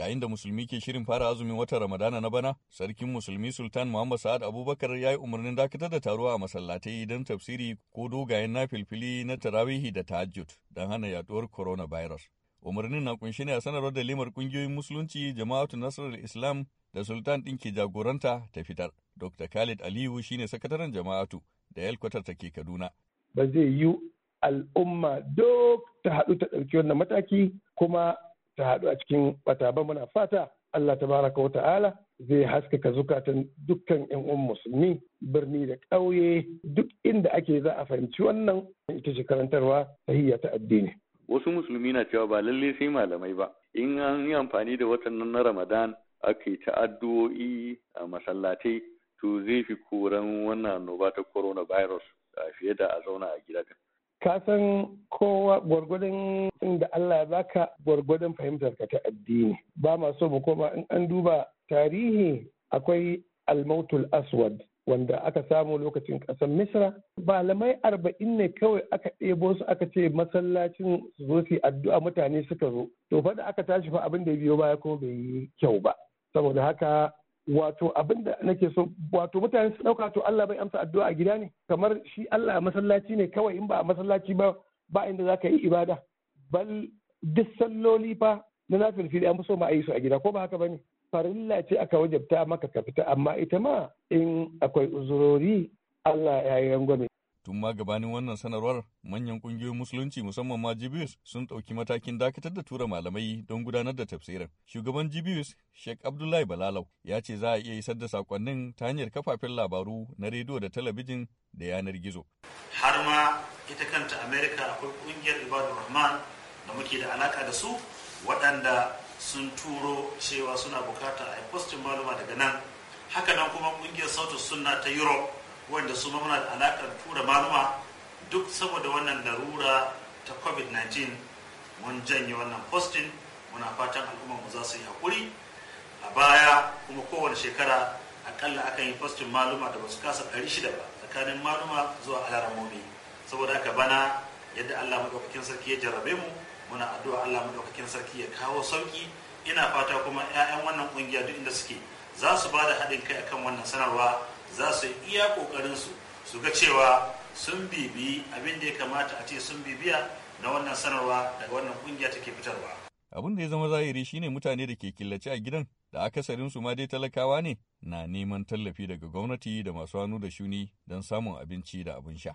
yayin da musulmi ke shirin fara azumin watan ramadana na bana sarkin musulmi sultan muhammad sa'ad abubakar ya yi umarnin dakatar da taro a masallatai don tafsiri ko dogayen na filfili na tarawihi da tahajjud don hana yaduwar coronavirus umarnin na kunshi ne a sanarwar da limar kungiyoyin musulunci jama'atu nasarar islam da sultan ɗin ke jagoranta ta fitar dr khalid aliyu shine sakataren jama'atu da yalkwatar ta ke kaduna ba zai yi al'umma duk ta haɗu ta ɗauki wannan mataki kuma ta haɗu a cikin ɓata ba muna fata Allah Ta tabaraka wata'ala zai haskaka zukatan dukkan 'yan uwan musulmi birni da ƙauye duk inda ake za a fahimci wannan ita ce karantarwa tahiyya ta addini. Wasu musulmi na cewa ba lalle sai malamai ba in an yi amfani da watannin na Ramadan aka yi ta a masallatai to zai fi koran wannan annoba ta coronavirus fiye da a zauna a gida. Ka san kowa gwargwadon inda Allah za ka gwargwadon fahimtar ka ta addini ba ma so mu koma in an duba tarihi akwai almautul aswad wanda aka samu lokacin ƙasar misra malamai arba'in ne kawai aka ɗebo su aka ce masallacin su zo su addu'a mutane suka zo to fa aka tashi fa abin da biyo baya ko bai yi kyau ba saboda haka wato abin da nake so wato mutane su ɗauka to Allah bai amsa addu'a a gida ne kamar shi Allah masallaci ne kawai in ba a masallaci ba ba inda za ka yi ibada bal duk salloli fa na nafil fili an so ma a yi su a gida ko ba haka ba ne farilla ce aka wajabta maka ka fita amma ita ma in akwai uzurori Allah ya yi rangwame. Tun ma gabanin wannan sanarwar manyan kungiyoyin musulunci musamman ma GBS sun ɗauki matakin dakatar da tura malamai don gudanar da tafsirin. Shugaban GBS Sheikh Abdullahi Balalau ya ce za a iya isar da sakonnin ta hanyar kafafen labaru na rediyo da talabijin da yanar gizo. Har ma ita kanta america akwai kungiyar ibadu rahman da muke da alaka da su waɗanda sun turo cewa suna bukata a postin maluma daga nan haka nan kuma kungiyar sautin sunna ta europe wanda su muna da alakar tura maluma duk saboda wannan larura ta covid-19 mun janye wannan postin muna fatan al'ummarmu za su yi hakuri a baya kuma kowane shekara akalla akan yi postin maluma da basu kasa 600 ba tsakanin maluma zuwa alaramomi saboda haka bana yadda Allah madaukakin sarki ya jarrabe mu muna addu'a Allah madaukakin sarki ya kawo sauki ina fata kuma 'ya'yan wannan kungiya duk inda suke za su ba da haɗin kai akan wannan sanarwa za su iya ƙoƙarin su su ga cewa sun bibi abin da ya kamata a ce sun bibiya na wannan sanarwa daga wannan kungiya take fitarwa abin da ya zama zahiri shine mutane da ke killace a gidan da akasarin su ma dai talakawa ne na neman tallafi daga gwamnati da masu hannu da shuni don samun abinci da abin sha